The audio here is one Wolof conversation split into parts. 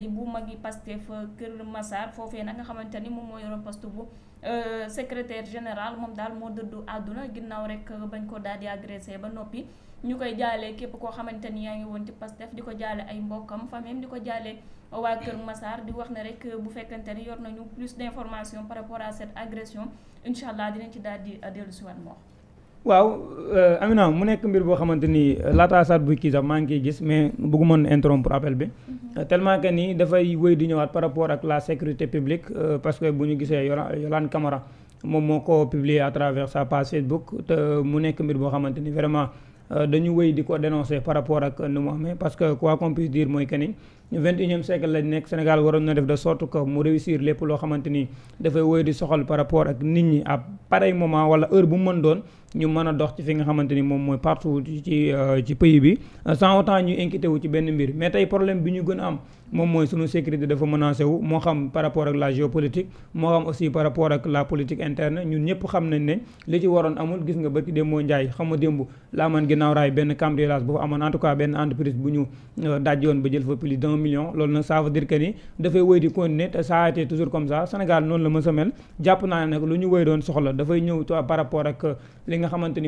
bu mag yi magi Pastef euh, Kër Massar foofee nag nga xamante ni moom moo yoroon poste bu euh, secrétaire général moom daal moo dëddu àdduna ginnaaw rek euh, bañ ko daal di agressé ba noppi ñu koy jaalee képp koo xamante ni yaa ngi woon ci Pastef di ko jaale ay mbokkam famille di ko jaalee waa Kër Massar di wax na rek bu fekkante ni yor nañu plus d'information par rapport à cette agression incha allah dinañ ci daal di dellusiwaat moo waaw euh, Amina mu nekk mbir boo xamante ni euh, laataa saat buy kii sax maa ngi koy gis mais bëggu mën interrompre appel bi mhm. tellement que ni dafay wéy di ñëwaat par rapport ak la sécurité publique euh, parce que bu ñu gisee Yolande kamara moom moo ko publier à travers sa page Facebook te mu nekk mbir boo xamante ni vraiment Euh, dañu wéy di ko dénoncer par rapport ak nu mu amee parce que quoi qu'on puisse dire mooy que ni vingt et unième siècle lañ nekk Sénégal waroon na def de sorte que mu réussir lépp loo xamante ni dafay wéy di soxal par rapport ak nit ñi à pareil moment wala heure bu mu mën doon ñu mën a dox ci fi nga xamante ni moom mooy partout ci ci euh, pays bi euh, sans autant ñu inquiété wu ci benn mbir mais tey problème bi ñu gën a am moom mooy sunu sécurité dafa menacé wu moo xam par rapport ak la géopolitique moo xam aussi par rapport ak la politique interne ñun ñëpp xam nañ ne li ci waroon amul gis nga bërki démboo xam nga démb ginnaaw benn cambriolage bu fa amoon entreprise bu ñu euh, daj yoon ba jël fa plus d' million loolu nag ça veut dire dafay wéy di continuer te ça a toujours comme ça Sénégal noonu la mësa mel jàpp naa ne nag lu ñu wéy doon soxla dafay ñëw euh, par rapport ak li nga xamante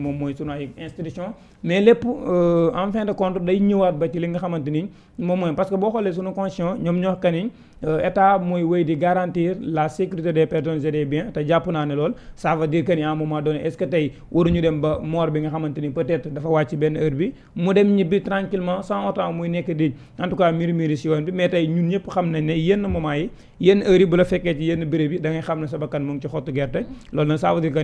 moom mooy sunu ay institution mais lépp euh, en fin de compte day ñëwaat ba ci li nga xamante moom mooy parce que boo xoolee sunu constitution ñoom ñoo xam état mooy wéy di garantir waxtaane lool ça dire que ni à un moment est ce que tey waruñu dem ba moor bi nga xamante peut être dafa wàcc benn heure bi mu dem ñibbi tranquillement sans autant muy nekk di en tout cas murmure bi mais tey ñun ñëpp xam nañ ne yenn moment yi yenn heure yi bu la fekkee ci yenn béréb yi da xam ne sa bakkan mu ngi ci xottu gerte loolu nag ça veut dire que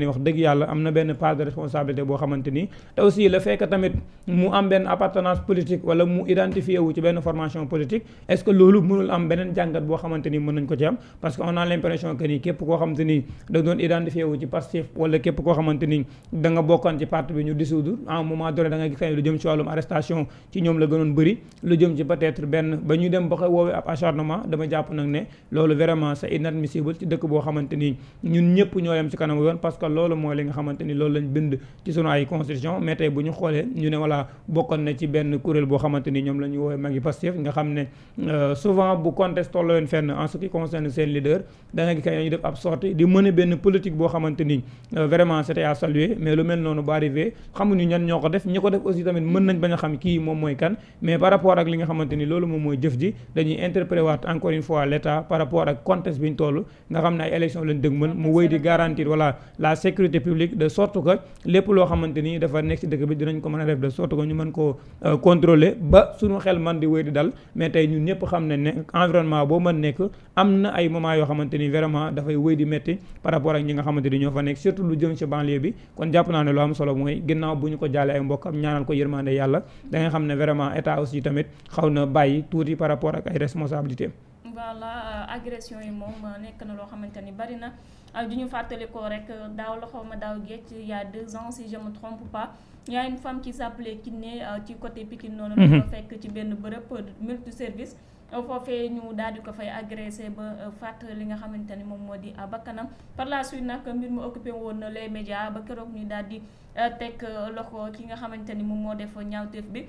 mu am benn appartenance politique wala mu identifié ci benn formation politique identifié wu ci Pastef wala képp koo bi ñu dissoudre à un moment donné da nga gis lu jëm ci wàllum arrestation ci ñoom la gënoon bëri lu jëm ci peut benn ba ñuy dem ba ko woowee ab acharnement dama jàpp nag ne loolu vraiment c'est inadmissible ci dëkk boo xamante ñun ñëpp ñoo yem kanamu yoon parce que loolu mooy li nga loolu lañ bind ci sunu ay constitution mais bu ñu xoolee ñu ne voilà bokkoon na ci benn kuréel boo xamante ñoom la woowee magi Pastef politique boo xamante ni euh, vraiment c'était saluer mais lu mel noonu bu arrivé xamuñu ñan ñoo ko def ñi ko def aussi tamit mën nañ bañ xam kii moom mooy kan mais par rapport ak li nga xamante ni loolu moom mooy jëf ji dañuy interpréter waat encore une fois l'état par rapport ak contexte bi ñu toll nga xam ne ay élection lañ dëg mën mu wéy di garantir voilà la sécurité publique de sorte que lépp loo xamante dafa nekk ci dëkk bi dinañ ko mën a def de sorte nga xamante ni ñoo fa nekk surtout lu jëm ci banlieue bi kon jàpp naa ne lu am solo mooy ginnaaw bu ñu ko jàllee ay mbokk am ñaanal ko yërmande yàlla da xam ne vraiment état aussi tamit xaw na bàyyi tuuti par rapport ak ay responsabilités voilà euh, agression yi moom euh, nekk na loo xamante ni bari na euh, du ñu fàttali daaw la ma daaw géej il a deux ans si je me pas il y a une femme qui s'appelait ci côté Pikine noonu. Mhm. dafa fekk ci benn foofee ñu daal di ko fay agressé ba euh, faat li nga xamante ni moom moo di euh, bakkanam par la suite nag mbir mu occupé woon na les média ba keroog ñu daal di euh, teg loxo ki nga xamante ni moom moo def ñaawteef bi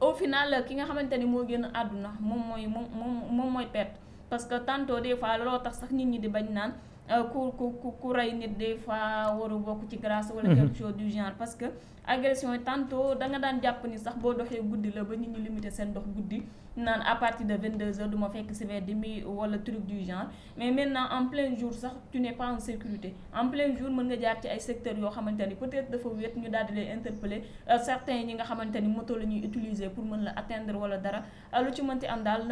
au final ki nga xamante ni moo génn àdduna moom mooy moom moom moom mooy perte parce que tantôt des fois looloo tax sax nit ñi di bañ naan. Euh, ku ku ku rey nit des fois war a bokk ci grâce wala mhm. quelque chose du genre parce que agression yi tantôt da nga daan jàpp ni sax boo doxee guddi la ba nit ñi limité seen dox guddi naan à partir de 22h du ma fekk si vers demi wala truc du genre mais maintenant en plein jour sax tu ne pas en sécurité en plein jour mën nga jaar ci ay secteurs yoo xamante ni peut-être dafa wéet ñu daal di lay interpeller euh, certains ñi nga xamante ni moto la ñuy utiliser pour mën la atteindre wala dara euh, lu ci mënti am daal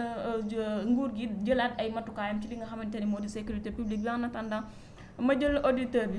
nguur gi jëlaat ay matukaayam ci li nga xamante ni moo di sécurité publique indépendant ma jël auditeur bi